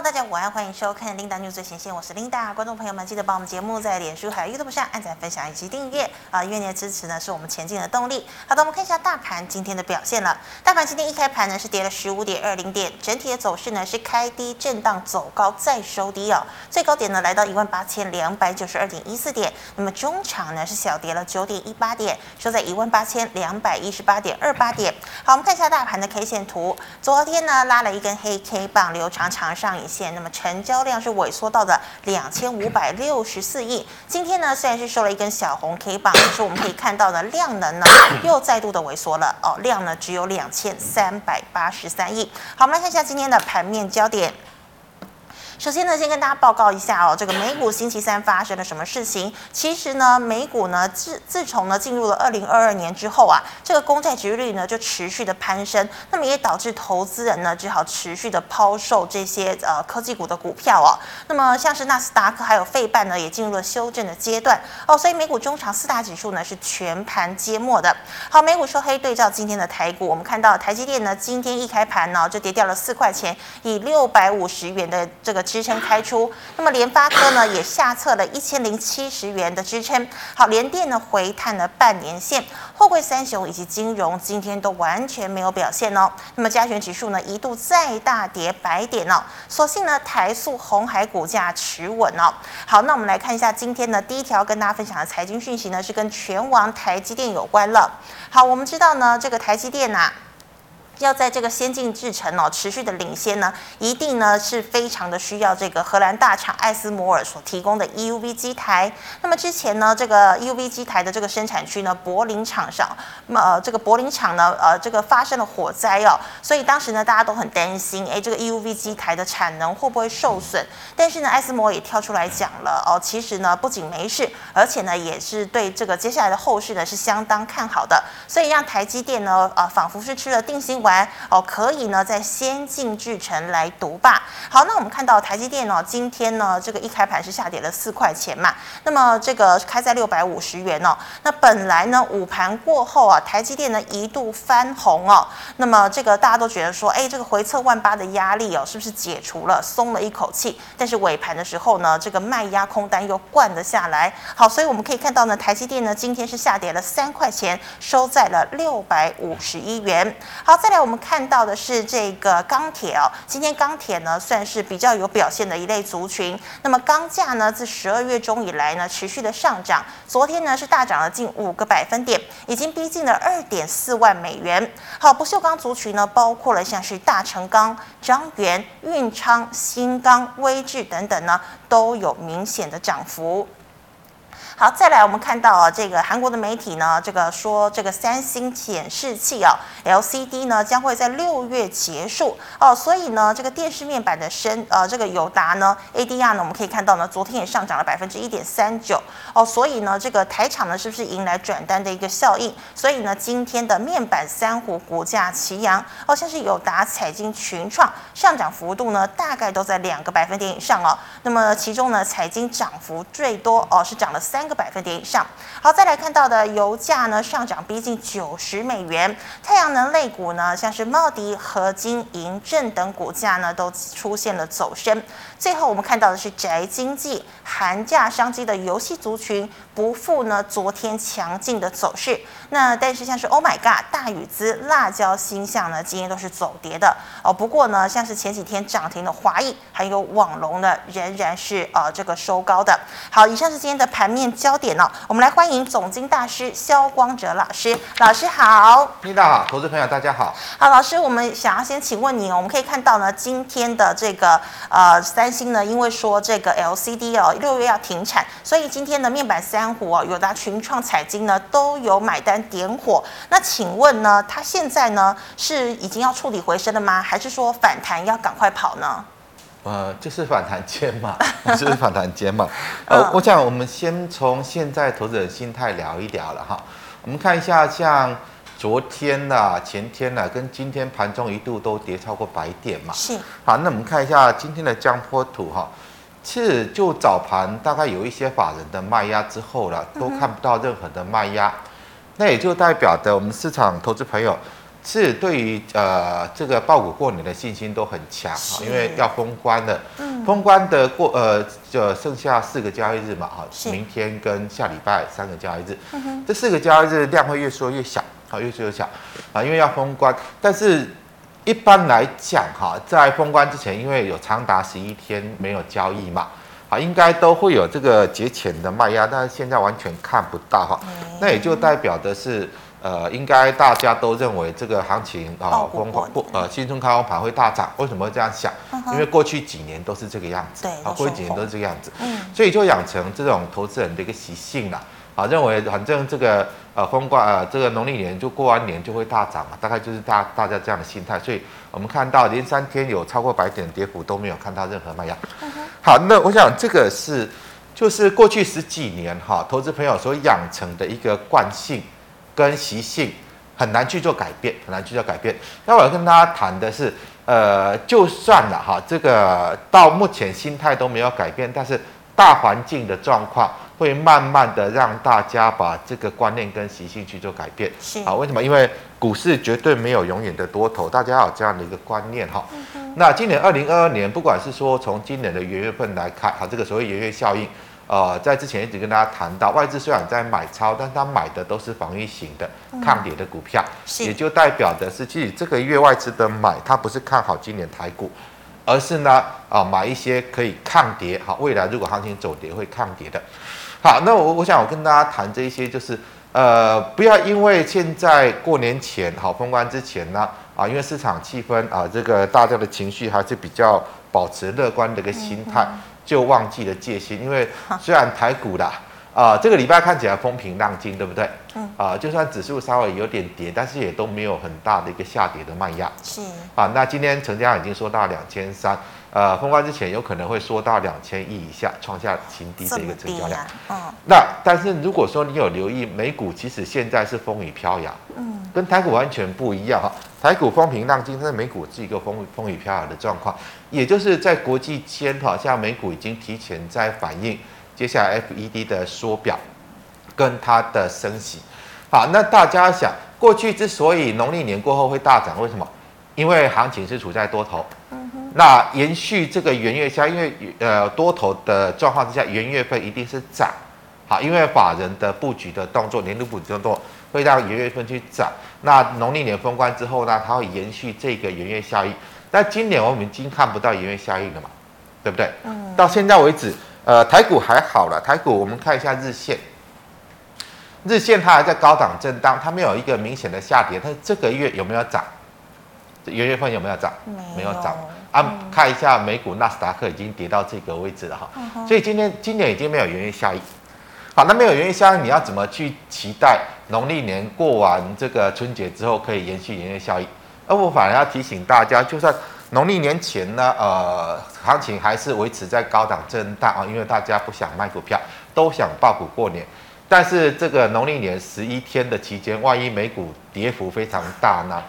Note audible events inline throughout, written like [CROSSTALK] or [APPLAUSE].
大家午安，歡迎收看《Linda News 最錢線》，我是 Linda。觀眾朋友們，記得把我們節目在臉書還有 YouTube 上按讚、分享以及訂閱啊！您、呃、的支持呢，是我們前進的動力。好的，我們看一下大盤今天的表現了。大盤今天一開盤呢，是跌了十五點二零點，整體的走勢呢是開低震盪走高再收低哦。最高點呢來到一萬八千兩百九十二點一四點，那麼中場呢是小跌了九點一八點，收在一萬八千兩百一十八點二八點。好，我們看一下大盤的 K 線圖。昨天呢拉了一根黑 K 棒，流長長上影。那麼成交量是萎縮到的兩千五百六十四億。今天呢，雖然是收了一根小紅 K 棒，可是我們可以看到的量能呢，又再度的萎縮了哦，量呢只有兩千三百八十三億。好，我們來看一下今天的盤面焦點。首先呢，先跟大家報告一下哦，這個美股星期三發生了什麼事情？其實呢，美股呢自自從呢進入了二零二二年之後啊，這個公債殖利率呢就持續的攀升，那麼也導致投資人呢只好持續的拋售這些呃科技股的股票哦。那麼像是納斯達克還有費半呢，也進入了修正的階段哦。所以美股終場四大指數呢是全盤皆墨的。好，美股收黑，對照今天的台股，我們看到台積電呢今天一開盤呢就跌掉了四塊錢，以六百五十元的這個。支撐開出，那麼聯發科呢也下測了一千零七十元的支撐。好，聯電呢回探了半年線，貨櫃三雄以及金融今天都完全沒有表現哦。那麼加權指數呢一度再大跌百點哦，所幸呢台塑紅海股價持穩哦。好，那我們來看一下今天呢第一條跟大家分享的財經訊息呢是跟拳王台積電有關了。好，我們知道呢這個台積電呢、啊。要在這個先進製程哦，持續的領先呢，一定呢是非常的需要這個荷蘭大廠艾斯摩爾所提供的 EUV 機台。那麼之前呢，這個 EUV 機台的這個生產區呢，柏林廠上，那、呃、麼這個柏林廠呢，呃，這個發生了火災哦，所以當時呢，大家都很擔心，誒這個 EUV 機台的產能會不會受損？但是呢，艾斯摩爾也跳出來講了哦，其實呢，不僅沒事，而且呢，也是對這個接下來的後市呢是相當看好的，所以讓台積電呢，啊、呃，仿佛是吃了定心丸。來哦，可以呢，在先進製程來獨霸。好，那我們看到台積電呢、哦，今天呢，這個一開盤是下跌了四塊錢嘛，那麼這個開在六百五十元哦。那本來呢，午盤過後啊，台積電呢一度翻紅哦。那麼這個大家都覺得說，哎，這個回測萬八的壓力哦，是不是解除了，鬆了一口氣？但是尾盤的時候呢，這個賣壓空單又灌了下來。好，所以我們可以看到呢，台積電呢，今天是下跌了三塊錢，收在了六百五十一元。好，再來。我們看到的是這個鋼鐵哦，今天鋼鐵呢算是比較有表現的一類族群。那麼鎳價呢，自十二月中以來呢持續的上漲，昨天呢是大漲了近五個百分點，已經逼近了二點四萬美元。好，不鏽鋼族群呢，包括了像是大成鋼、彰源、運昌、新鋼、威致等等呢，都有明顯的漲幅。好，再來我們看到啊，這個韓國的媒體呢，這個說這個三星顯示器啊，哦，LCD 呢將會在六月結束哦，所以呢，這個電視面板的升，呃，這個友達呢，ADR 呢，我們可以看到呢，昨天也上漲了百分之一點三九哦，所以呢，這個台廠呢是不是迎來轉單的一個效應？所以呢，今天的面板三虎股價齊揚，哦，像是友達、彩晶、群創上漲幅度呢，大概都在兩個百分點以上哦。那麼其中呢，彩晶漲幅最多哦，是漲了三。一個百分點以上。好，再來看到的油價呢，上漲逼近九十美元，太陽能類股呢，像是茂迪、合金、銀證等股價呢都出現了走升。最後我們看到的是宅經濟、寒假商機的遊戲族群，不復呢昨天強勁的走勢。那但是像是 Oh My God、大宇資、辣椒鈊象呢，今天都是走跌的哦。不過呢，像是前幾天漲停的華義還有網龍呢，仍然是呃這個收高的。好，以上是今天的盤面焦點哦。我們來歡迎總經大師蕭光哲老師，老師好，Linda 好，投資朋友大家好。好，老師，我們想要先請問你，我們可以看到呢今天的這個呃三。擔心呢，因為說這個 LCD 哦，六月要停產，所以今天的面板三虎哦，友達、群創、彩晶呢，都有買單點火。那請問呢，它現在呢是已經要觸底回升了嗎？還是說反彈要趕快跑呢？呃，就是反彈間嘛，就是反彈間嘛。 [LAUGHS] 呃，我想我們先從現在投資者心態聊一聊了哈。我們看一下像。昨天吶、啊，前天吶、啊，跟今天盤中一度都跌超過百點嘛？是。好，那我們看一下今天的江波圖哈，是就早盤大概有一些法人的賣壓之後了，都看不到任何的賣壓、嗯，那也就代表的我們市場投資朋友是對於呃這個抱股過年的信心都很強，因為要封關了，嗯。封關的過呃就剩下四個交易日嘛，哈。是。明天跟下禮拜三個交易日、嗯，這四個交易日量會越縮越小。好，越說越強，啊，因為要封關，但是一般來講，哈，在封關之前，因為有長達十一天沒有交易嘛，好，應該都會有這個節前的賣壓，但是現在完全看不到哈，那也就代表的是，呃，應該大家都認為這個行情啊，封關不，呃，新春開工盤會大漲，為什麼會這樣想？因為過去幾年都是這個樣子，啊，過去幾年都是這個樣子，嗯，所以就養成這種投資人的一個習性了，啊，認為反正這個。呃，封關呃，這個農曆年就過完年就會大漲嘛，大概就是大家大家這樣的心態，所以我們看到連三天有超過百點跌幅，都沒有看到任何賣壓，嗯。好，那我想這個是就是過去十幾年哈，哦，投資朋友所養成的一個慣性跟習性，很難去做改變，很難去做改變。那我要跟大家談的是，呃，就算了哈，哦，這個到目前心態都沒有改變，但是大環境的狀況，會慢慢的讓大家把這個觀念跟習性去做改變，好、哦，為什麼？因為股市絕對沒有永遠的多頭，大家要有這樣的一個觀念哈、哦嗯。那今年二零二二年，不管是說從今年的元月份來看，哈，這個所謂元月效應，呃，在之前一直跟大家談到，外資雖然在買超，但他買的都是防禦型的、抗跌的股票，嗯、是，也就代表的是，其實這個月外資的買，他不是看好今年台股，而是呢，啊、呃，買一些可以抗跌，哈、哦，未來如果行情走跌會抗跌的。好，那我我想我跟大家談這一些，就是，呃，不要因為現在過年前好，封關之前呢，啊，因為市場氣氛啊，這個大家的情緒還是比較保持樂觀的一個心態、嗯嗯，就忘記了戒心。因為雖然台股啦，啊、呃，這個禮拜看起來風平浪靜，對不對？嗯。啊，就算指數稍微有點跌，但是也都沒有很大的一個下跌的賣壓。是。啊，那今天成交量已經說到兩千三。呃，封關之前有可能會縮到兩千億以下，創下新低的一個成交量。啊嗯。那但是如果說你有留意，美股其實現在是風雨飄搖。嗯。跟台股完全不一樣哈，台股風平浪靜，但是美股是一個風雨風雨飄搖的狀況。也就是在國際間，好像美股已經提前在反映接下來 FED 的縮表跟它的升息。好，那大家想，過去之所以農曆年過後會大漲，為什麼？因為行情是處在多頭。那延續這個元月效應，因為呃，多頭的狀況之下，元月份一定是漲，好，因為法人的布局的動作，年度布局的動作會讓元月份去漲。那農曆年封關之後呢，它會延續這個元月效應。但今年我們已經看不到元月效應了嘛，對不對？嗯。到現在為止，呃，台股還好了。台股我們看一下日線，日線它還在高檔震盪，它沒有一個明顯的下跌。它這個月有沒有漲？元月份有沒有漲？沒有，沒有漲。看一下美股納斯達克已經跌到這個位置了哈，所以今天今年已經沒有元月效應。好，那沒有元月效應，你要怎麼去期待農曆年過完這個春節之後可以延續元月效應？那我反而要提醒大家，就算農曆年前呢，呃，行情還是維持在高檔震盪啊，因為大家不想賣股票，都想抱股過年。但是這個農曆年十一天的期間，萬一美股跌幅非常大呢？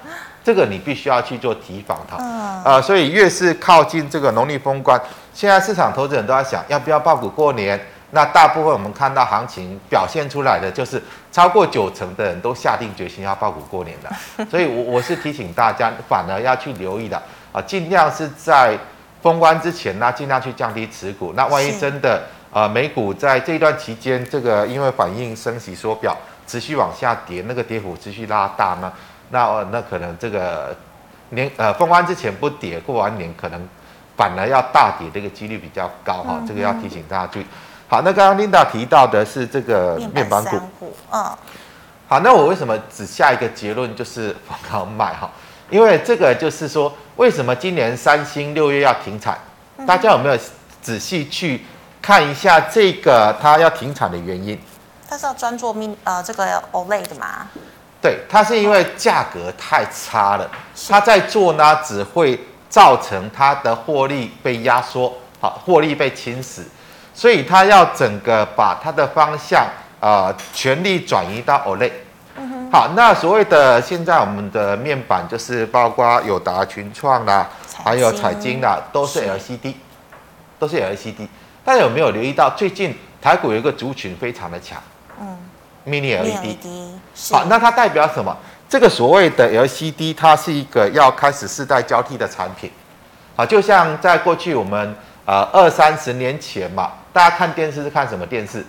這個你必須要去做提防它。啊、呃，所以越是靠近這個農曆封關，現在市場投資人都在想，要不要抱股過年？那大部分我們看到行情表現出來的，就是超過九成的人都下定決心要抱股過年的。所以，我我是提醒大家，反而要去留意的啊，盡量是在封關之前呢，啊，盡量去降低持股。那萬一真的。啊、呃，美股在這一段期間，這個因為反應升息縮表，持續往下跌，那個跌幅持續拉大呢，那那可能這個年呃，封關之前不跌，過完年可能反而要大跌，這個幾率比較高哈，這個要提醒大家注意。好，那剛剛 Linda 提到的是這個面板股，好，那我為什麼只下一個結論就是逢高賣哈？因為這個就是說，為什麼今年三星六月要停產？大家有沒有仔細去？看一下這個，它要停產的原因。它是要專做 Mini 呃這個 OLED 的嗎？對，它是因為價格太差了，它在做呢只會造成它的獲利被壓縮，好，獲利被侵蝕，所以它要整個把它的方向啊、呃、全力轉移到 OLED。嗯哼。好，那所謂的現在我們的面板就是包括友達、群創啦，還有彩晶啦，都是 LCD，是都是 LCD。大家有沒有留意到，最近台股有一個族群非常的強，嗯，Mini LED，好，那它代表什麼？這個所謂的 LCD，它是一個要開始世代交替的產品，好，就像在過去我們呃二三十年前嘛，大家看電視是看什麼電視？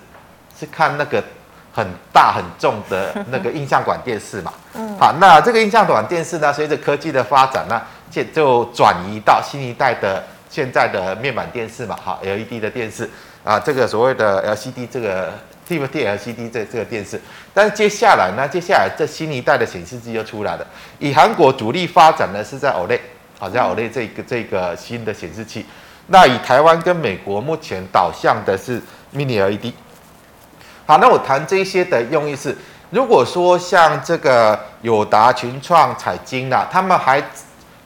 是看那個很大很重的那個映像管電視嘛，嗯，好，那這個映像管電視呢，隨着科技的發展呢，就就轉移到新一代的。現在的面板電視嘛，哈，LED 的電視啊，這個所謂的 LCD，這個 TFT-LCD 這個、這個電視，但是接下來呢，接下來這新一代的顯示器又出來了。以韓國主力發展呢是在 OLED，好，像 OLED 這個這個新的顯示器、嗯。那以台灣跟美國目前導向的是 Mini LED。好，那我談這些的用意是，如果說像這個友達、群創、彩晶啊，他們還。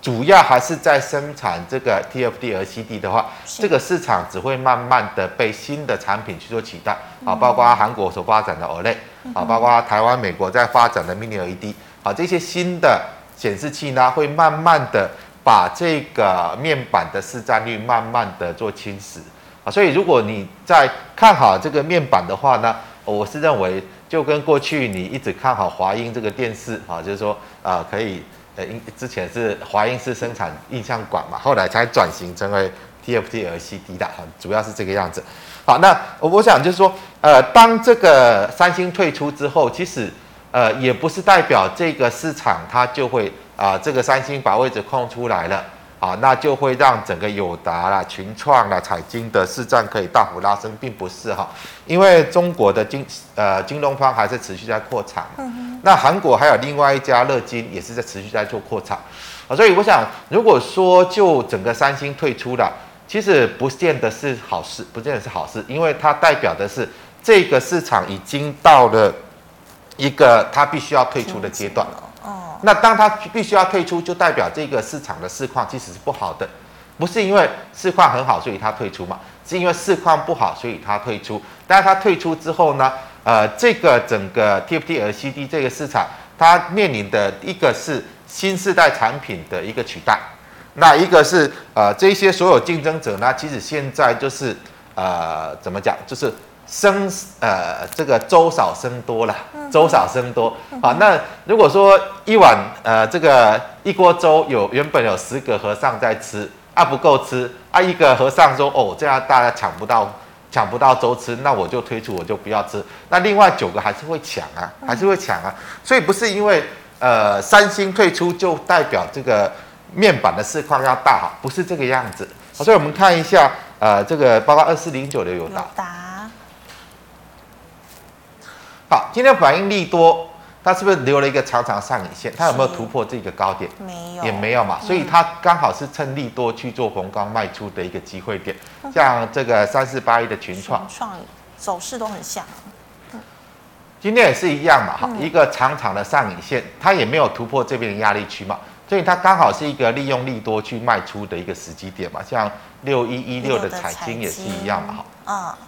主要還是在生產這個 TFT LCD 的話，這個市場只會慢慢的被新的產品去做取代啊、嗯，包括韓國所發展的 OLED 啊、嗯，包括台灣、美國在發展的 Mini LED 啊，這些新的顯示器呢，會慢慢的把這個面板的市占率慢慢的做侵蝕啊，所以如果你在看好這個面板的話呢、哦，我是認為就跟過去你一直看好華英這個電視啊，就是說啊、呃、可以。呃，因之前是華映是生產映像管嘛，後來才轉型成為 TFT LCD 的，主要是這個樣子。好，那我想就是說，呃，當這個三星退出之後，其實呃也不是代表這個市場它就會啊、呃，這個三星把位置空出來了。啊，那就會讓整個友達啦、群創啦、彩晶的市占可以大幅拉升，並不是哈，因為中國的京呃，京東方還是持續在擴產、嗯嗯，那韓國還有另外一家樂金也是在持續在做擴產啊，所以我想，如果說就整個三星退出了，其實不見得是好事，不見得是好事，因為它代表的是這個市場已經到了一個它必須要退出的階段了。那當它必須要退出，就代表這個市場的市況其實是不好的，不是因為市況很好所以它退出嘛，是因為市況不好所以它退出。但是它退出之後呢，呃，這個整個 TFT LCD 這個市場，它面臨的一個是新世代產品的一個取代，那一個是呃這些所有競爭者呢，其實現在就是呃怎麼講，就是。僧呃，這個粥少僧多了，粥少僧多，啊、那如果說一碗呃，這個一鍋粥有原本有十個和尚在吃啊，不夠吃，不夠吃啊。一個和尚說：“哦，這樣大家搶不到，搶不到粥吃，那我就退出，我就不要吃。”那另外九個還是會搶啊，還是會搶啊。所以不是因為呃三星退出就代表這個面板的市況要大好，不是這個樣子。好，所以我們看一下呃，這個包括二四零九的友達好，今天反應利多，它是不是留了一個長長上影線？它有沒有突破這個高點？沒有，也沒有嘛。所以它剛好是趁利多去做逢高賣出的一個機會點。像這個三四八一的群創，創走勢都很像。今天也是一樣嘛，嗯，一個長長的上影線，它也沒有突破這邊的壓力區嘛，所以它剛好是一個利用利多去賣出的一個時機點嘛。像六一一六的彩晶也是一樣嘛，哈、嗯、啊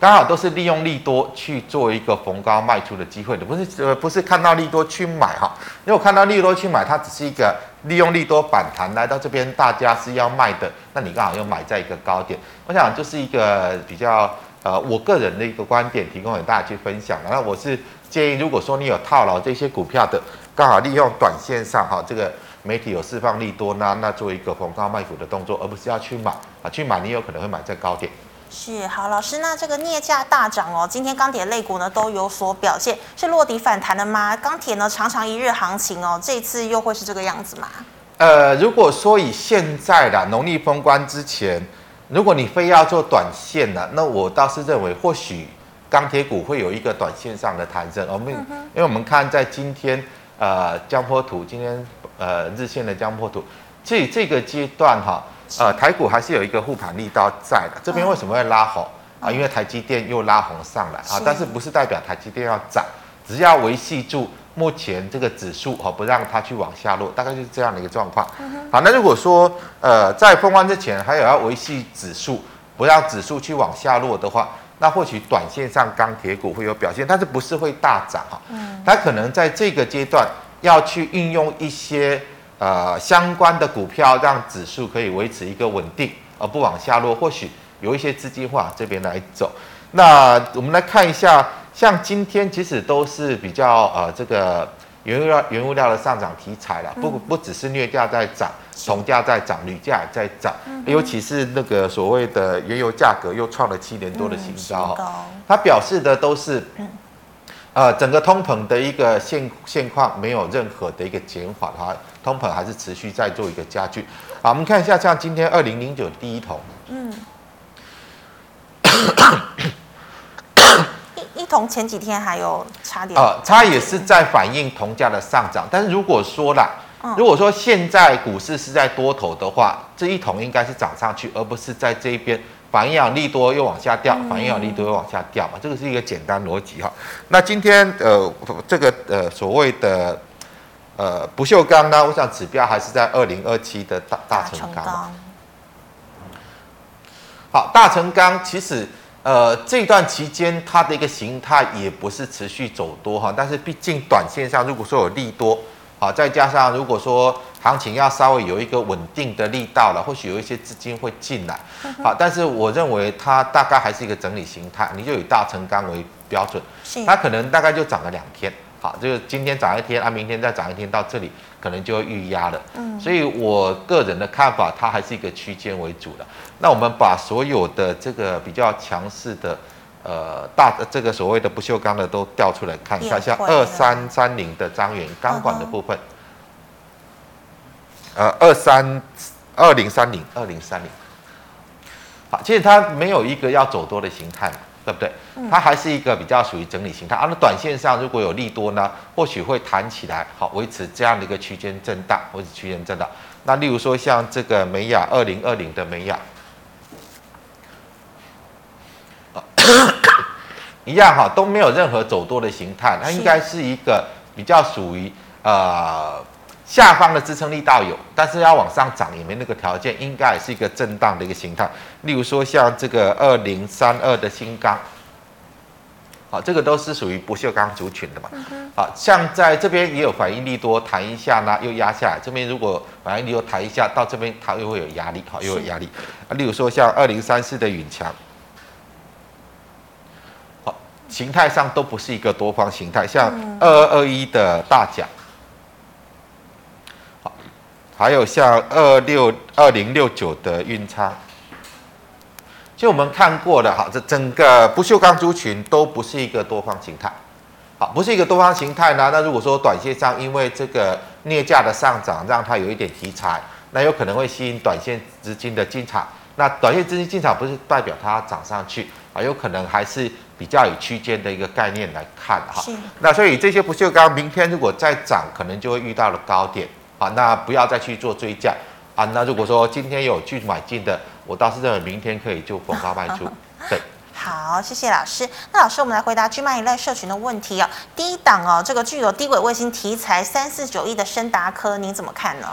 剛好都是利用利多去做一個逢高賣出的機會的，你不是呃不是看到利多去買哈，如果看到利多去買，它只是一個利用利多反彈來到這邊，大家是要賣的，那你剛好又買在一個高點，我想就是一個比較呃我個人的一個觀點，提供給大家去分享。然後我是建議，如果說你有套牢這些股票的，剛好利用短線上哈、哦、這個媒體有釋放利多，那那做一個逢高賣股的動作，而不是要去買啊，去買你有可能會買在高點。是好老師，那這個鎳價大漲哦，今天鋼鐵類股呢都有所表現，是落底反彈的嗎？鋼鐵呢常常一日行情哦，這一次又會是這個樣子嗎？呃，如果說以現在的農曆封關之前，如果你非要做短線呢，啊，那我倒是認為或許鋼鐵股會有一個短線上的彈升。我們、嗯、因為我們看在今天呃江波圖，今天呃日線的江波圖，這這個階段哈、啊。呃，台股還是有一個護盤力道在的。這邊為什麼會拉紅、嗯、啊？因為台積電又拉紅上來啊，但是不是代表台積電要漲，只要維繫住目前這個指數好、哦、不讓它去往下落，大概就是這樣的一個狀況、嗯。好，那如果說呃在封關之前還有要維繫指數，不讓指數去往下落的話，那或許短線上鋼鐵股會有表現，但是不是會大漲哈、哦？嗯，它可能在這個階段要去運用一些。呃，相關的股票讓指數可以維持一個穩定，而、呃、不往下落，或許有一些資金往這邊來走。那我們來看一下，像今天其實都是比較呃，這個原物料原物料的上漲題材啦，不不只是鎳價在漲，銅價在漲，鋁價也在漲、嗯。尤其是那個所謂的原油價格又創了七年多的新高，、嗯、高，它表示的都是。嗯呃，整個通膨的一個現現況沒有任何的一個減緩哈，通膨還是持續在做一個加劇。好，我們看一下，像今天二零零九第一銅，嗯，一一銅前幾天還有差點啊、呃，差也是在反映銅價的上漲、嗯。但是如果說啦，如果說現在股市是在多頭的話，嗯、這一銅應該是漲上去，而不是在這一邊。反映利多又往下掉，反映利多又往下掉嘛，嗯、這個是一個簡單邏輯哈。那今天呃，這個呃所謂的呃不鏽鋼呢，我想指標還是在二零二七的大大成鋼。好，大成鋼其實呃這段期間它的一個形態也不是持續走多哈，但是畢竟短線上如果說有利多。好，再加上如果說行情要稍微有一個穩定的力道了，或許有一些資金會進來。好，但是我認為它大概還是一個整理形態，你就以大成鋼為標準，它可能大概就漲了兩天。好，就是今天漲一天，啊，明天再漲一天到這裡，可能就要遇壓了。嗯，所以我個人的看法，它還是一個區間為主的。那我們把所有的這個比較強勢的，呃，大這個所謂的不鏽鋼的都調出來看一下，像二三三零的彰源鋼管的部分，嗯、呃，二三二零三零二零三零，好，其實它沒有一個要走多的形態嘛，對不對、嗯？它還是一個比較屬於整理形態。而、啊、那短線上如果有利多呢，或許會彈起來，好，維持這樣的一個區間震盪，維持區間震盪。那例如說像這個美亞二零二零的美亞。一樣哈、哦，都沒有任何走多的形態，它應該是一個比較屬於呃下方的支撐力道有，但是要往上漲也沒那個條件，應該是一個震盪的一個形態。例如說像這個二零三二的新鋼，好，這個都是屬於不鏽鋼族群的嘛，嗯、好像在這邊也有反應力多彈一下呢，又壓下來。這邊如果反應力多彈一下，到這邊它又會有壓力，好，又有壓力。啊，例如說像二零三四的允強。形態上都不是一個多方形態，像二二二一的大甲、嗯，還有像二六二零六九的運錩。就我們看過的哈，這整個不鏽鋼族群都不是一個多方形態，好，不是一個多方形態呢。那如果說短線上因為這個鎳價的上漲，讓它有一點題材，那有可能會吸引短線資金的進場。那短線資金進場不是代表它漲上去啊，有可能還是比較有區間的一個概念來看哈、啊。是。那所以這些不鏽鋼明天如果再漲，可能就會遇到了高點啊。那不要再去做追加啊。那如果說今天有去買進的，我倒是認為明天可以就逢高賣出、啊。對。好，謝謝老師。那老師，我們來回答 GMoney Line 社群的問題哦。第一檔哦，這個具有低軌衛星題材，三四九一的昇達科，您怎麼看呢？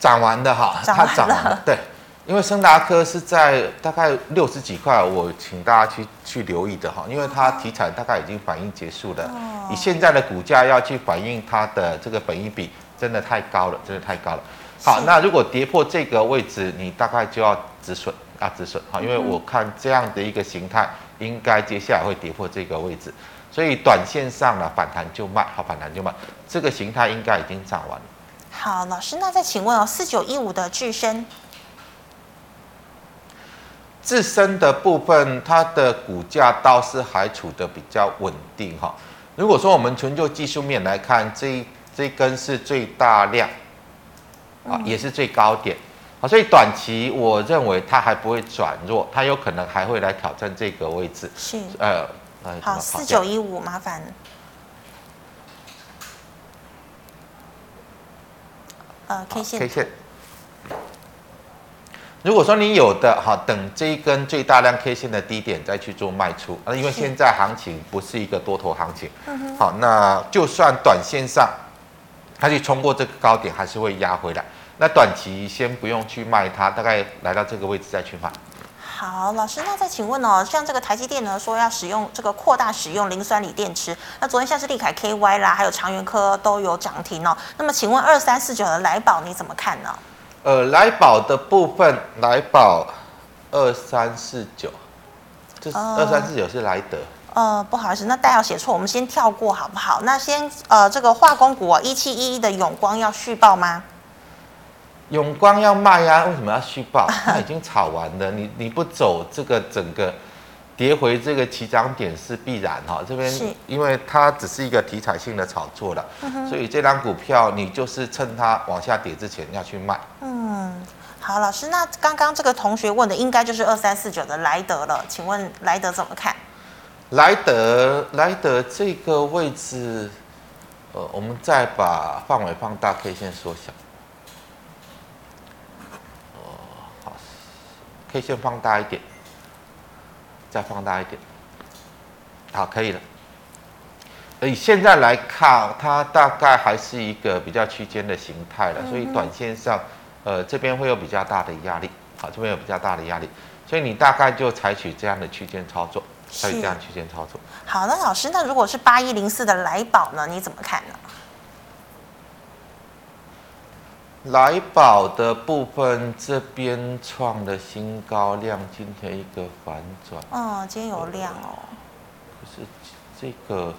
漲完的哈，它、啊、漲完,完了。對。因為昇達科是在大概六十幾塊，我請大家去去留意的哈，因為它提產大概已經反應結束了，你、哦、現在的股價要去反映它的這個本益比，真的太高了，真的太高了。好，那如果跌破這個位置，你大概就要止損啊止損哈，因為我看這樣的一個形態，應該接下來會跌破這個位置，所以短線上的反彈就賣，好，反彈就賣，這個形態應該已經漲完了。好，老師，那再請問哦，四九一五的致伸。自身的部分，它的股價倒是還處的比較穩定哈。如果說我們純就技術面來看，這這根是最大量，嗯，也是最高點，所以短期我認為它還不會轉弱，它有可能還會來挑戰這個位置。是，呃，好，四九一五，麻煩，k 線。K 線如果說你有的哈，等這一根最大量 K 線的低點再去做賣出啊，因為現在行情不是一個多頭行情，好，那就算短線上，它去衝過這個高點還是會壓回來，那短期先不用去賣它，大概來到這個位置再去賣。好，老師，那再請問哦，像這個台積電呢，說要使用這個擴大使用磷酸鋰電池，那昨天像是立凱 KY 啦，還有長園科都有漲停哦，那麼請問二三四九的來寶你怎麼看呢？呃，來寶的部分，來寶二三四九，這二三四九是來德呃。呃，不好意思，那代號寫錯，我們先跳過好不好？那先呃，這個化工股啊、哦，一七一一的永光要續抱嗎？永光要賣呀，為什麼要續抱？ [LAUGHS] 哎、已經炒完了，你你不走這個整個。跌回這個起漲點是必然哈，這邊是因為它只是一個題材性的炒作的，嗯，所以這張股票你就是趁它往下跌之前要去賣。嗯，好，老師，那剛剛這個同學問的應該就是二三四九的萊德了，請問萊德怎麼看？萊德，萊德這個位置，呃，我們再把範圍放大，可以先縮小。哦，呃，好，可以先放大一點。再放大一點，好，可以了。所以現在來看，它大概還是一個比較區間的形態了，所以短線上，呃，這邊會有比較大的壓力，好，這邊有比較大的壓力，所以你大概就採取這樣的區間操作，採取這樣區間操作。好，那老師，那如果是八一零四的來寶呢，你怎麼看呢？來寶的部分這邊創的新高量，今天一個反轉。哦、嗯，今天有量哦、嗯。可是這個，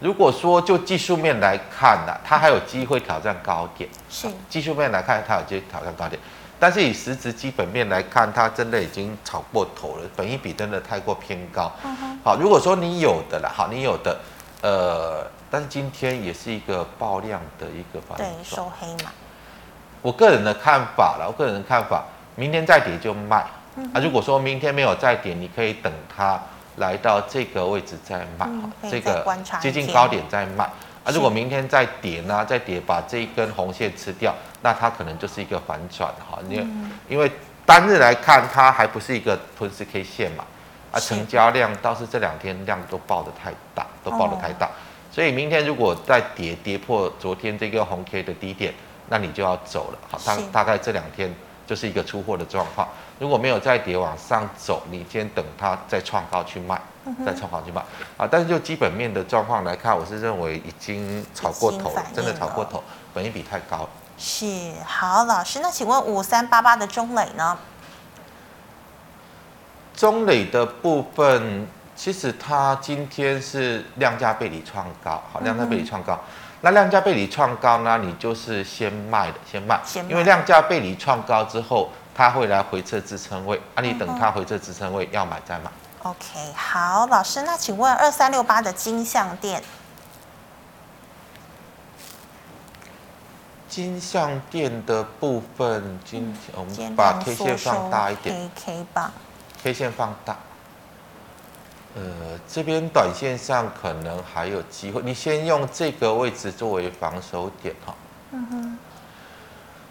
如果說就技術面來看呢、啊，它還有機會挑戰高點。是。技術面來看，它有機會挑戰高點，但是以實質基本面來看，它真的已經炒過頭了，本益比真的太過偏高、嗯。好，如果說你有的啦，好，你有的，呃，但是今天也是一個爆量的一個反轉。對，收黑嘛。我個人的看法了，我個人的看法，明天再跌就賣。嗯、啊，如果說明天沒有再跌，你可以等它來到這個位置再賣，嗯、再這個接近高點再賣。啊，如果明天再跌呢，再跌把這一根紅線吃掉，那它可能就是一個反轉哈。因為因為單日來看，它還不是一個吞噬 K 線嘛。啊，成交量倒是這兩天量都爆得太大，都爆得太大、哦。所以明天如果再跌，跌破昨天這個紅 K 的低點，那你就要走了，好，大大概這兩天就是一個出貨的狀況。如果沒有再跌，往上走，你先等它再創高去賣，嗯、再創高去賣啊。但是就基本面的狀況來看，我是認為已經炒過頭了了，真的炒過頭，本益比太高了。是，好，老師，那請問五三八八的中磊呢？中磊的部分，其實它今天是量價背離創高，好，量價背離創高。嗯那量價背離創高呢？你就是先賣的，先賣，先賣，因為量價背離創高之後，它會來回撤支撐位，嗯嗯啊，你等它回撤支撐位嗯嗯，要買再買。OK，好，老師，那請問二三六八的金像電，金像電的部分，今天、嗯、我們把 K 線放大一點，K K 吧，K 線放大。呃，這邊短線上可能還有機會，你先用這個位置作為防守點哈。嗯哼。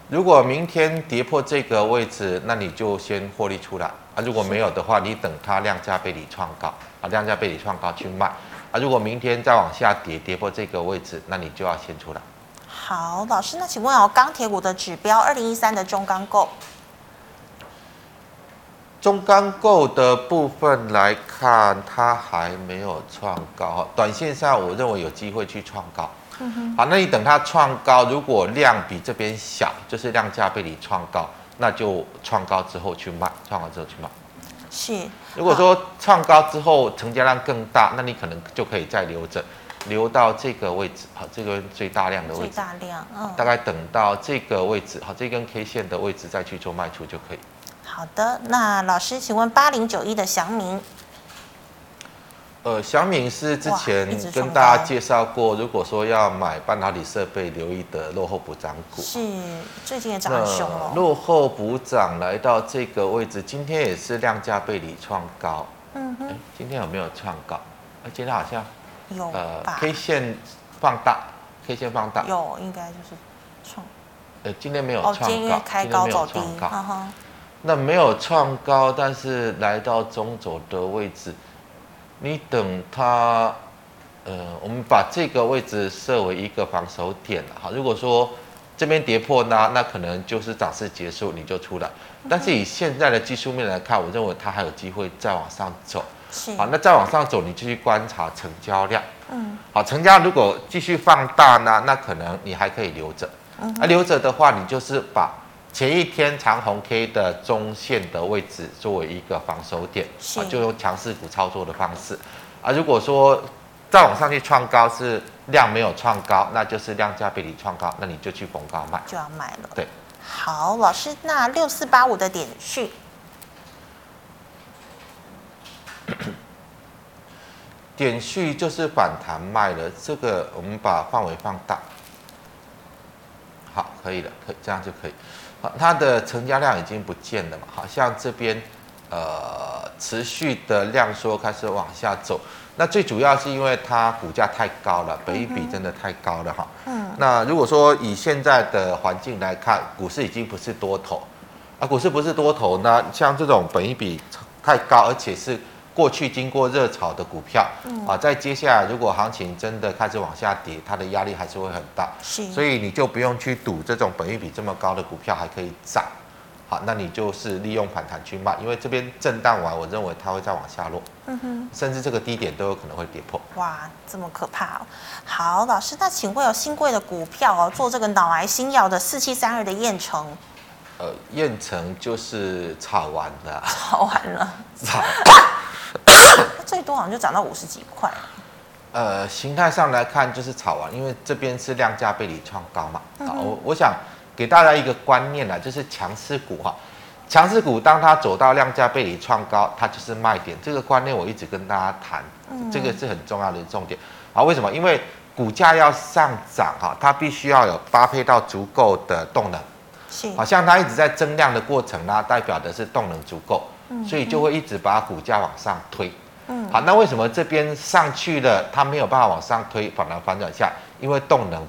如果明天跌破這個位置，那你就先獲利出來啊。如果沒有的話，你等它量價被你創高啊，量價被你創高去賣啊。如果明天再往下跌，跌破這個位置，那你就要先出來。好，老師，那請問哦，鋼鐵股的指標，二零一三的中鋼構。中鋼構的部分來看，它還沒有創高，哈，短線上我認為有機會去創高。嗯哼。好，那你等它創高，如果量比這邊小，就是量價被你創高，那就創高之後去賣，創完之後去賣。是。如果說創高之後成交量更大，那你可能就可以再留着，留到這個位置，好，這個最大量的位置。最大量。嗯。大概等到這個位置，好，這根 K 線的位置再去做賣出就可以。好的，那老師，請問八零九一的翔名，呃，翔名是之前跟大家介紹過，如果說要買半導體設備，留意的落後補漲股，是最近也漲很凶了，哦呃。落後補漲來到這個位置，今天也是量價背離創高。嗯哼，欸，今天有沒有創高？呃，今天好像有。呃，K 線放大，K 線放大有，應該就是創。呃、欸，今天沒有創高。哦，今天開高走低。那沒有創高，但是來到中軸的位置，你等它，呃，我們把這個位置設為一個防守點了哈。如果說這邊跌破呢，那可能就是漲勢結束，你就出來。嗯。但是以現在的技術面來看，我認為它還有機會再往上走。是。好，那再往上走，你繼續觀察成交量。嗯。好，成交如果繼續放大呢，那可能你還可以留着。嗯。啊，留着的話，你就是把。前一天長虹 K 的中線的位置作為一個防守點啊，就用強勢股操作的方式啊。如果說再往上去創高是量沒有創高，那就是量價背離創高，那你就去逢高賣，就要賣了。對，好，老師，那六四八五的點序 [COUGHS] 。點續就是反彈賣了。這個我們把範圍放大，好，可以了，可以這樣就可以。它的成交量已經不見了嘛，好像這邊，呃，持續的量縮開始往下走。那最主要是因為它股價太高了，本益比真的太高了哈。嗯、okay.。那如果說以現在的環境來看，股市已經不是多頭，啊，股市不是多頭呢，那像這種本益比太高，而且是，過去經過熱炒的股票啊、嗯呃，在接下來如果行情真的開始往下跌，它的壓力還是會很大，是，所以你就不用去賭這種本益比這麼高的股票還可以漲，好，那你就是利用反彈去賣，因為這邊震盪完，我認為它會再往下落，嗯哼，甚至這個低點都有可能會跌破。哇，這麼可怕、哦！好，老師，那請問有、哦、新貴的股票哦，做這個腦癌新藥的四七三二的彥臣。呃，彥臣就是炒完的，炒完了，炒、啊。最、啊、多好像就漲到五十幾塊、啊。呃，形態上來看就是炒完，因為這邊是量價背離創高嘛，嗯。好，我我想給大家一個觀念啦，就是強勢股哈，強勢股當它走到量價背離創高，它就是賣點。這個觀念我一直跟大家談、嗯，這個是很重要的重點。好，為什麼？因為股價要上漲哈，它必須要有搭配到足夠的動能。好像它一直在增量的過程啦、啊，代表的是動能足夠、嗯，所以就會一直把股價往上推。嗯、好，那為什麼這邊上去了，它沒有辦法往上推，反而反轉下？因為動能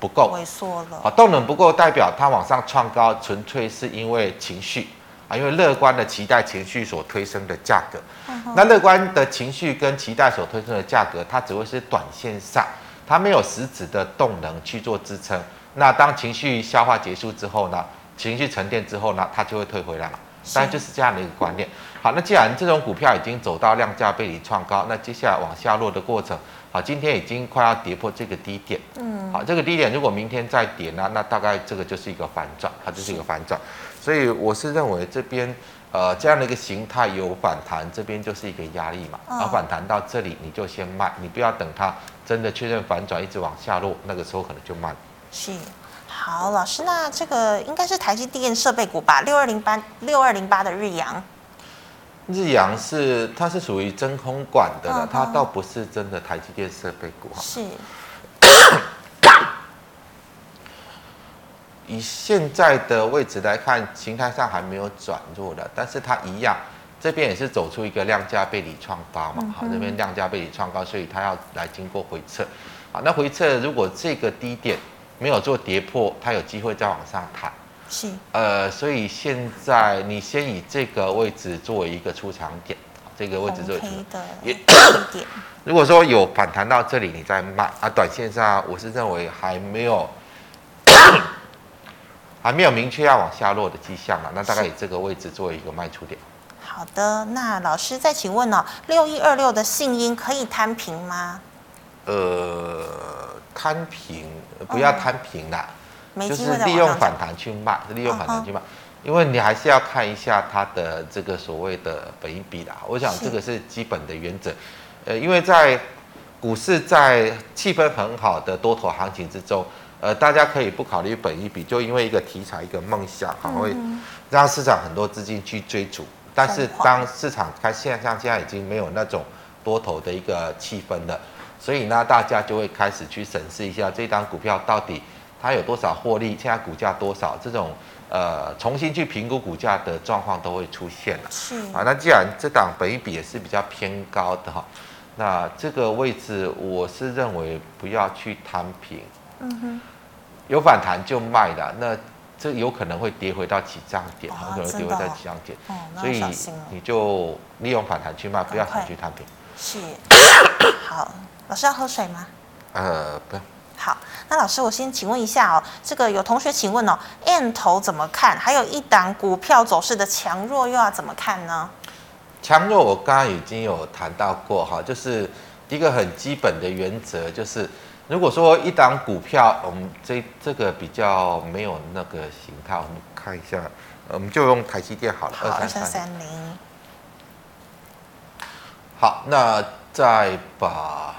不夠，啊，動能不夠，代表它往上創高，純粹是因為情緒啊，因為樂觀的期待情緒所推升的價格。嗯、那樂觀的情緒跟期待所推升的價格，它只會是短線上，它沒有實質的動能去做支撐。那當情緒消化結束之後呢？情緒沉澱之後呢？它就會退回來了。但就是這樣的一個觀念。好，那既然這種股票已經走到量價背離創高，那接下來往下落的過程，好，今天已經快要跌破這個低點。嗯。好，這個低點如果明天再跌呢，那大概這個就是一個反轉，它就是一個反轉。所以我是認為這邊呃這樣的一個形態有反彈，這邊就是一個壓力嘛。而、哦、反彈到這裡你就先賣，你不要等它真的確認反轉，一直往下落，那個時候可能就慢。是。好，老師，那這個應該是台積電設備股吧？六二零八六二零八的日揚，日揚是它是屬於真空管的了，okay. 它倒不是真的台積電設備股。是咳咳咳咳。以現在的位置來看，形態上還沒有轉弱的。但是它一樣，這邊也是走出一個量價背離創高嘛，好、嗯，那邊量價背離創高，所以它要來經過回撤。好，那回撤如果這個低點。沒有做跌破，它有機會再往上彈，是呃，所以現在你先以這個位置作為一個出場點，這個位置作為出場點。如果說有反彈到這裡，你再賣啊。短線上我是認為還沒有 [COUGHS] 還沒有明確要往下落的跡象啊。那大概以這個位置作為一個賣出點。好的，那老師再請問呢、哦，六一二六的信音可以攤平嗎？呃。攤平，不要攤平啦、哦，就是利用反彈去賣，利用反彈去賣、哦哦，因為你還是要看一下它的這個所謂的本益比啦。我想這個是基本的原則。呃，因為在股市在氣氛很好的多頭行情之中，呃，大家可以不考慮本益比，就因為一個題材一個夢想，好會讓市場很多資金去追逐、嗯。但是當市場看現在像，現在已經沒有那種多頭的一個氣氛了。所以呢，大家就會開始去審視一下這檔股票到底它有多少獲利，現在股價多少？這種呃重新去評估股價的狀況都會出現了。是啊，那既然這檔本益比也是比較偏高的哈，那這個位置我是認為不要去攤平，嗯哼，有反彈就賣了，那這有可能會跌回到起漲點、哦啊，有可能跌回到起漲點，哦，哦，所以你就利用反彈去賣，不要想去攤平。是， [COUGHS] [COUGHS] 好。老師要喝水嗎？呃，不用。好，那老師，我先請問一下哦，這個有同學請問哦，N、頭怎麼看？還有一檔股票走勢的強弱又要怎麼看呢？強弱我剛剛已經有談到過哈，就是一個很基本的原則，就是如果說一檔股票，我們這這個比較沒有那個形態，我們看一下，我們就用台積電好了。好，2330。好，那再把。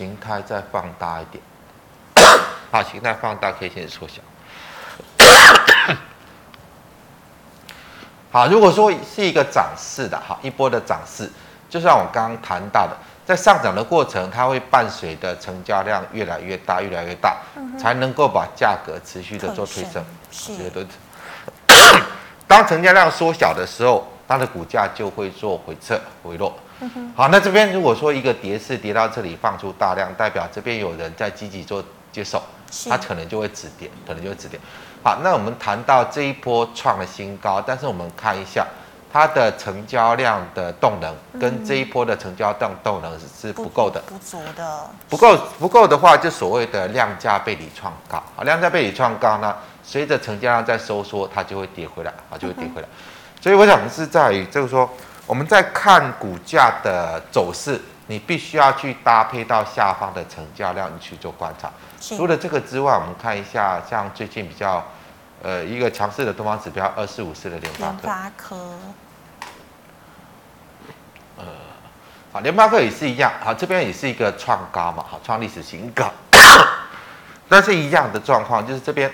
形態再放大一點，好，形態放大可以先縮小。好，如果說是一個漲勢的，哈，一波的漲勢，就像我剛剛談到的，在上漲的過程，它會伴隨著成交量越來越大，越來越大，嗯、才能夠把價格持續的做推升。是，是，當成交量縮小的時候，它的股價就會做回撤回落。好，那這邊如果說一個跌勢跌到這裡放出大量，代表這邊有人在積極做接受。它可能就會止跌，可能就會止跌。好，那我們談到這一波創了新高，但是我們看一下它的成交量的動能，跟這一波的成交動動能是不夠的、嗯不，不足的，不夠不夠的話，就所謂的量價背離創高啊，量價背離創高呢，隨着成交量在收縮，它就會跌回來啊，就會跌回來、嗯。所以我想是在於就是說，我們在看股價的走勢，你必須要去搭配到下方的成交量，你去做觀察。除了這個之外，我們看一下，像最近比較，呃，一個強勢的東方指標二四五四的聯發科，呃，好，聯發科也是一樣，好，這邊也是一個創高嘛，好，創歷史新高， [COUGHS] 但是一樣的狀況，就是這邊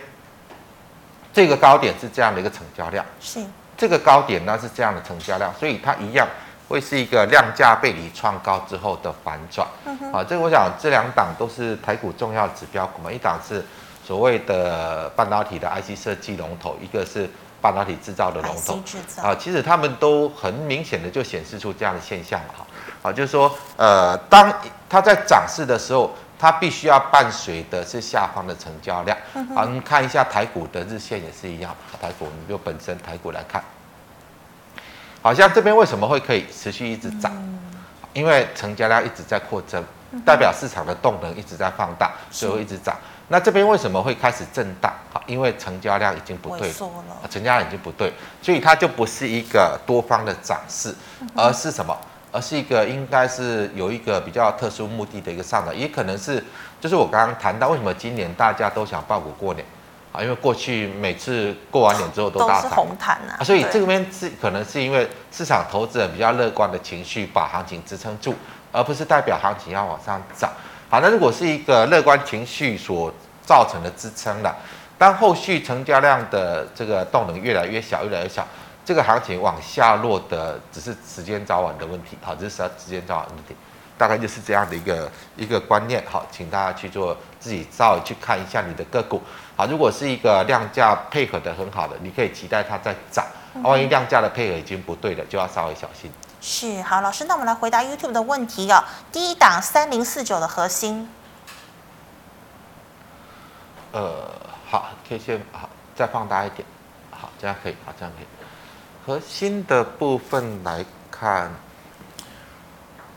這個高點是這樣的一個成交量。是。這個高點呢，是這樣的成交量，所以它一樣會是一個量價背離創高之後的反轉。嗯、啊，這個我想這兩檔都是台股重要的指標股嘛，一檔是所謂的半導體的 IC 設計龍頭，一個是半導體制造的龍頭。啊，其實他們都很明顯的就顯示出這樣的現象了哈、啊。啊，就是說，呃，當它在漲勢的時候。它必須要伴隨的是下方的成交量，好、嗯，你、啊、看一下台股的日線也是一樣，台股你就本身台股來看，好像這邊為什麼會可以持續一直漲、嗯？因為成交量一直在擴增、嗯，代表市場的動能一直在放大，所以會一直漲。那這邊為什麼會開始震盪？好、啊，因為成交量已經不對了，了成交量已經不對，所以它就不是一個多方的漲勢，而是什麼？嗯而是一個應該是有一個比較特殊目的的一個上漲，也可能是就是我剛剛談到為什麼今年大家都想抱股過年啊，因為過去每次過完年之後都，大都是紅盤啊，啊，所以這邊是可能是因為市場投資人比較樂觀的情緒把行情支撐住，而不是代表行情要往上漲。好，那如果是一個樂觀情緒所造成的支撐的，當後續成交量的這個動能越來越小，越來越小。這個行情往下落的只是時間早晚的問題，好，只是時間早晚問題，大概就是這樣的一個一個觀念，好，請大家去做自己稍微去看一下你的個股，好，如果是一個量價配合的很好的，你可以期待它再漲，okay. 萬一量價的配合已經不對了，就要稍微小心。是，好，老師，那我們來回答 YouTube 的問題哦。第一檔三零四九的核心，呃，好可以先，好，再放大一點，好，這樣可以，好，這樣可以。核心的部分來看，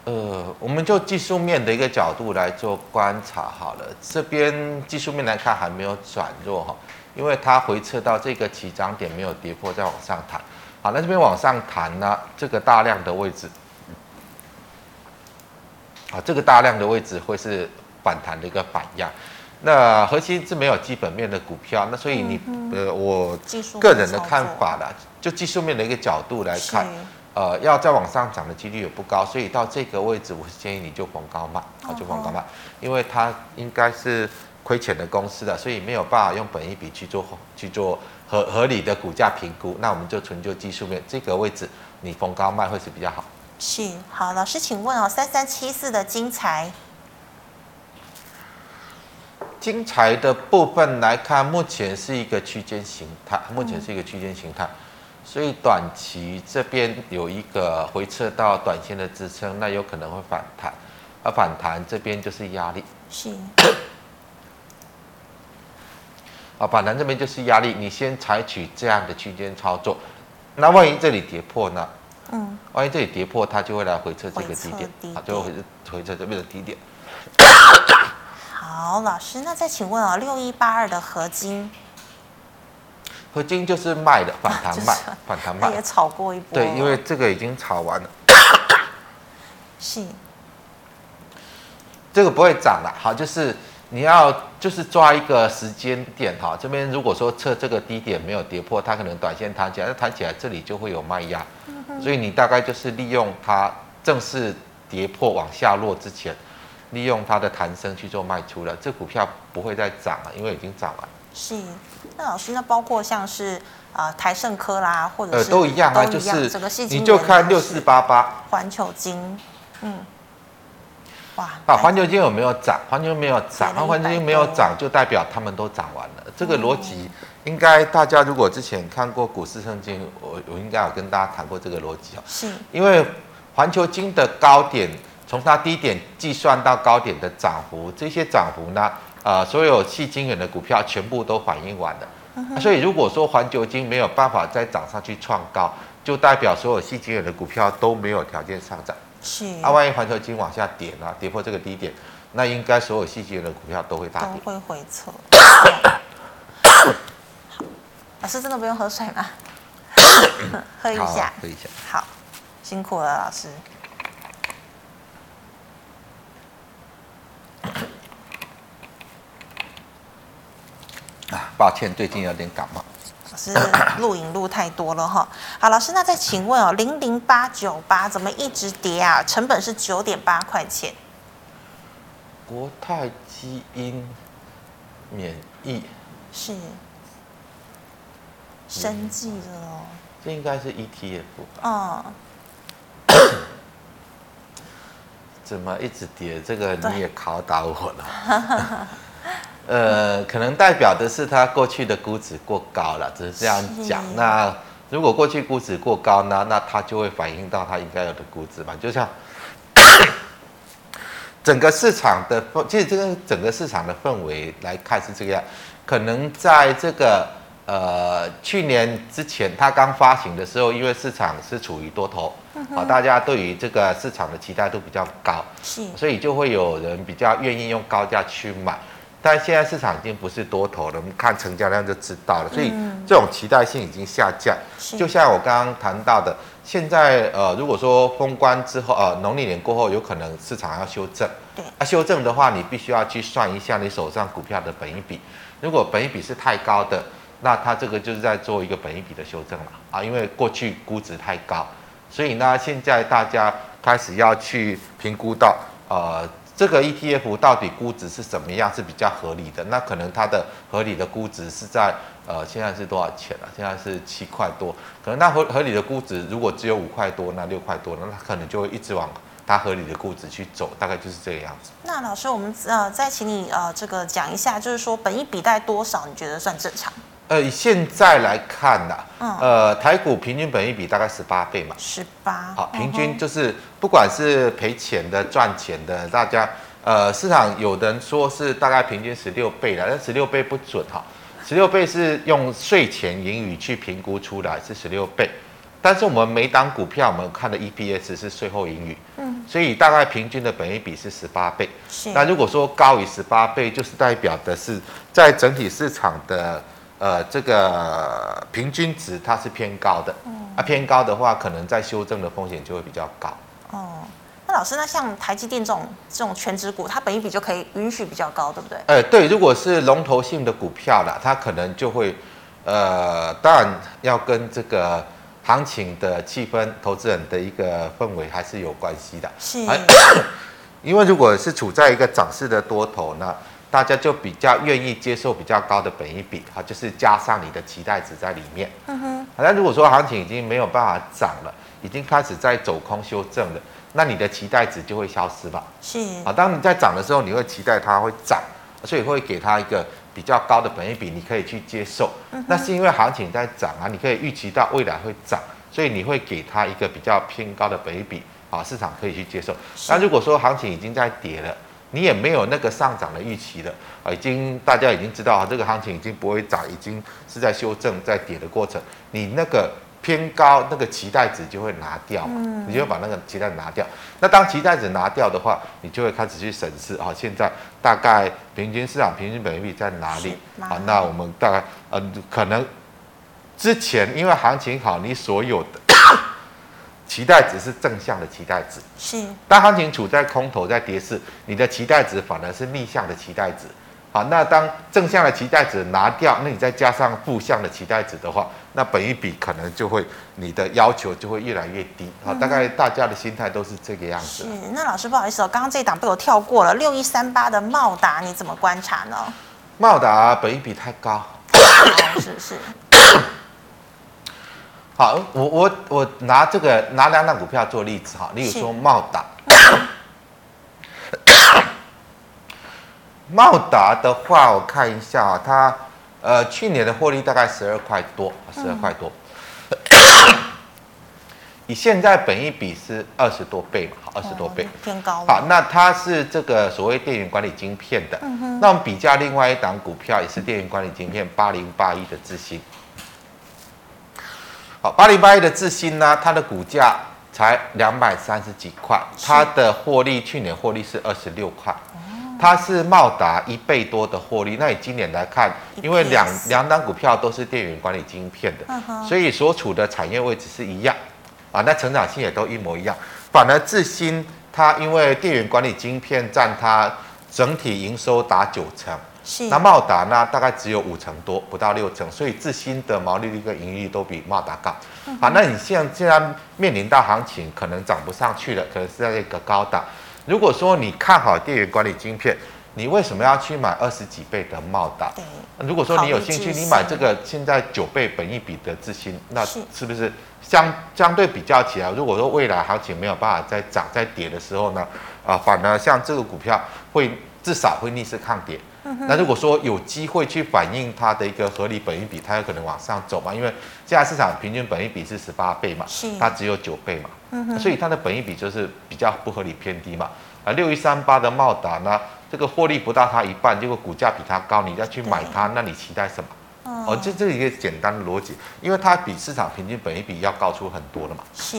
呃，我們就技術面的一個角度來做觀察好了。這邊技術面來看還沒有轉弱哈，因為它回撤到這個起漲點沒有跌破，再往上彈。好，那這邊往上彈呢，啊，這個大量的位置，好，這個大量的位置會是反彈的一個反壓。那核心是沒有基本面的股票，那所以你呃，嗯，我個人的看法啦。就技術面的一個角度來看，呃，要再往上漲的幾率也不高，所以到這個位置，我是建議你就逢高賣，啊、okay.，就逢高賣，因為它應該是虧錢的公司的，所以沒有辦法用本益比去做去做合合理的股價評估。那我們就純就技術面，這個位置你逢高賣會是比較好。是，好，老師，請問哦，三三七四的精材，精材的部分來看，目前是一個區間形態，目前是一個區間形態。嗯所以短期這邊有一個回撤到短線的支撐，那有可能會反彈，而反彈這邊就是壓力。是。啊，反彈這邊就是壓力，你先採取這樣的區間操作。那萬一這裡跌破呢？哎、嗯。萬一這裡跌破，它就會來回撤這個低點，啊，就回回撤這邊的低點。好，老師，那再請問啊、哦，六一八二的合金。合金就是賣的，反彈賣，反彈賣，也炒過一波。對，因為這個已經炒完了。是，這個不會漲了。好，就是你要就是抓一個時間點。哈，這邊如果說測這個低點沒有跌破，它可能短線彈起來，彈起來這裡就會有賣壓。所以你大概就是利用它正式跌破往下落之前，利用它的彈升去做賣出了。這股票不會再漲了，因為已經漲完了。是，那老師，那包括像是啊、呃、台勝科啦，或者是、呃、都一樣啊，樣就是整個是你就看六四八八環球晶，嗯，哇啊環球晶有沒有漲？環球沒有漲，環球晶沒有漲，就代表他們都漲完了。嗯、這個邏輯應該大家如果之前看過股市聖經，我我應該有跟大家談過這個邏輯啊。是，因為環球晶的高點從它低點計算到高點的漲幅，這些漲幅呢。啊、呃，所有矽晶圓的股票全部都反映完了，嗯、所以如果說環球晶沒有辦法再漲上去創高，就代表所有矽晶圓的股票都沒有條件上漲。是啊，萬一環球晶往下跌啊，跌破這個低點，那應該所有矽晶圓的股票都會大跌，都會回撤。 [COUGHS] 老師真的不用喝水嗎？ [COUGHS] 喝一下，啊，喝一下。好，辛苦了，老師。抱歉，最近有點感冒。老師錄影錄太多了哈。好，老師，那再請問哦、喔，零零八九八怎麼一直跌啊？成本是九點八塊錢。國泰基因免疫是生技的哦、嗯，這應該是 ETF 啊、嗯 [COUGHS] 怎麼一直跌？這個你也考倒我了。 [LAUGHS] 呃，可能代表的是他過去的估值過高了，只是這樣講。那如果過去估值過高呢，那他就會反映到他應該有的估值嘛。就像、嗯、整個市場的，其實這個整個市場的氛圍來看是這個樣。可能在這個呃去年之前，他剛發行的時候，因為市場是處於多頭，啊、嗯，大家對於這個市場的期待度比較高，是，所以就會有人比較願意用高價去買。但現在市場已經不是多頭了，我們看成交量就知道了。所以這種期待性已經下降。嗯、就像我剛剛談到的，現在呃，如果說封關之後，呃，農曆年過後，有可能市場要修正。對。啊，修正的話，你必須要去算一下你手上股票的本一比本益比。如果本益比是太高的，那它這個就是在做一個本益比的修正了。啊，因為過去估值太高，所以呢，現在大家開始要去評估到呃。這個 ETF 到底估值是怎麼樣，是比較合理的？那可能它的合理的估值是在呃，現在是多少錢啊？現在是七塊多，可能它合合理的估值如果只有五塊多，那六塊多，那它可能就會一直往它合理的估值去走，大概就是這個樣子。那老師，我們呃再請你呃這個講一下，就是說本益比帶多少你覺得算正常？呃，現在來看呢、啊嗯，呃，台股平均本益比大概十八倍嘛，十八，好，平均就是不管是賠錢的、賺錢的，大家，呃，市場有的人說是大概平均十六倍了，但十六倍不準哈，十六倍是用稅前盈餘去評估出來是十六倍，但是我們每檔股票我們看的 EPS 是稅後盈餘，嗯，所以大概平均的本益比是十八倍，是，那如果說高於十八倍，就是代表的是在整體市場的。呃，這個平均值它是偏高的，嗯，啊，偏高的話，可能在修正的風險就會比較高。哦、嗯，那老師，那像台積電這種這種權值股，它本益比就可以允許比較高，對不對？呃、欸，對，如果是龍頭性的股票啦，它可能就會，呃，當然要跟這個行情的氣氛、投資人的一個氛圍還是有關係的。是、啊咳咳，因為如果是處在一個漲勢的多頭呢。那大家就比較願意接受比較高的本益比哈，就是加上你的期待值在裡面。嗯哼。好像如果說行情已經沒有辦法漲了，已經開始在走空修正了，那你的期待值就會消失吧？是。啊，當你在漲的時候，你會期待它會漲，所以會給它一個比較高的本益比，你可以去接受，嗯。那是因為行情在漲啊，你可以預期到未來會漲，所以你會給它一個比較偏高的本益比啊，市場可以去接受。那如果說行情已經在跌了。你也沒有那個上漲的預期了啊，已經大家已經知道啊，這個行情已經不會漲，已經是在修正，在跌的過程。你那個偏高那個期待值就會拿掉，嗯，你就會把那個期待拿掉。那當期待值拿掉的話，你就會開始去審視啊，現在大概平均市場平均本益比在哪裡啊？那我們大概呃，可能之前因為行情好，你所有的。 [COUGHS] 期待值是正向的期待值，是。當行情處在空頭在跌勢，你的期待值反而是逆向的期待值。好，那當正向的期待值拿掉，那你再加上負向的期待值的話，那本益比可能就會你的要求就會越來越低。好，大概大家的心態都是這個樣子。嗯、是，那老師不好意思哦，剛剛這一檔被我跳過了。六一三八的茂達你怎麼觀察呢？茂達本益比太高。是、哦、是。是 [COUGHS] 好，我我我拿這個拿兩檔股票做例子哈，例如說茂達。茂達 [COUGHS] 的話，我看一下、啊，它呃去年的獲利大概十二塊多，十二塊多、嗯。 [COUGHS] 以現在本益比是二十多倍嘛，好，二十多倍、哦、偏高。好，那它是這個所謂電源管理晶片的、嗯。那我們比較另外一檔股票，也是電源管理晶片八零八一的致新。好，八零八一的致新呢，它的股價才兩百三十幾塊，它的獲利去年獲利是二十六塊，它是茂達一倍多的獲利。那以今年來看，因為兩兩檔股票都是電源管理晶片的，所以所處的產業位置是一樣啊，那成長性也都一模一樣。反而致新它因為電源管理晶片佔它整體營收達九成。是那茂達呢？大概只有五成多，不到六成，所以智新的毛利率跟盈利都比茂達高。好，嗯啊，那你現在，現在面臨到行情可能漲不上去了，可能是在一個高檔。如果說你看好電源管理晶片，你為什麼要去買二十幾倍的茂達？如果說你有興趣，你買這個現在九倍本益比的智新，那是不是相是相對比較起來？如果說未來行情沒有辦法再漲，再跌的時候呢？啊，呃，反而像這個股票會至少會逆勢抗跌。那如果說有機會去反映它的一個合理本益比，它有可能往上走嘛？因為現在市場平均本益比是十八倍嘛，它只有九倍嘛、嗯，所以它的本益比就是比較不合理偏低嘛。啊，六一三八的茂達呢，這個獲利不到它一半，結果股價比它高，你要去買它，那你期待什麼？哦，就這一個簡單的邏輯，因為它比市場平均本益比要高出很多了嘛。是。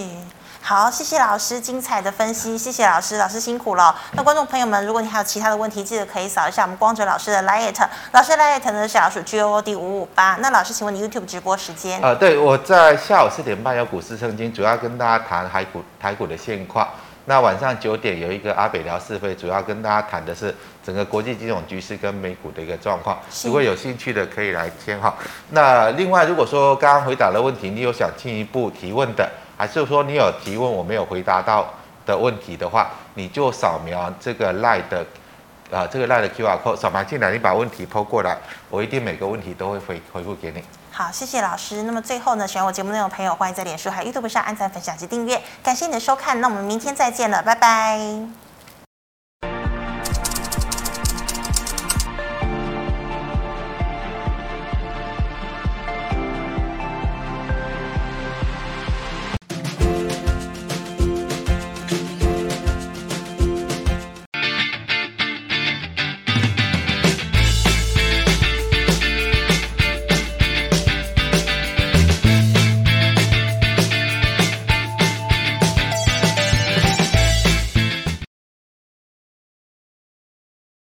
好，謝謝老師精彩的分析，謝謝老師，老師辛苦了。那觀眾朋友們，如果你還有其他的問題，記得可以掃一下我們光哲老師的 LINE，老師 LINE 呢，是老鼠 GOD 五五八。那老師，請問你 YouTube 直播時間？呃，對，我在下午四點半有股市聖經，主要跟大家談海股、台股的現況。那晚上九點有一個阿北聊是非，主要跟大家談的是整個國際金融局勢跟美股的一個狀況。如果有興趣的可以來聽哈。那另外，如果說剛剛回答的問題你有想進一步提問的。還是說你有提問我沒有回答到的問題的話，你就掃描這個 LINE 的，啊、呃，這個 LINE 的 QR code 掃描進來，你把問題拋過來，我一定每個問題都會回回復給你。好，謝謝老師。那麼最後呢，喜歡我節目內容的朋友，歡迎在臉書還有 YouTube 上按讚、分享及訂閱。感謝你的收看，那我們明天再見了，拜拜。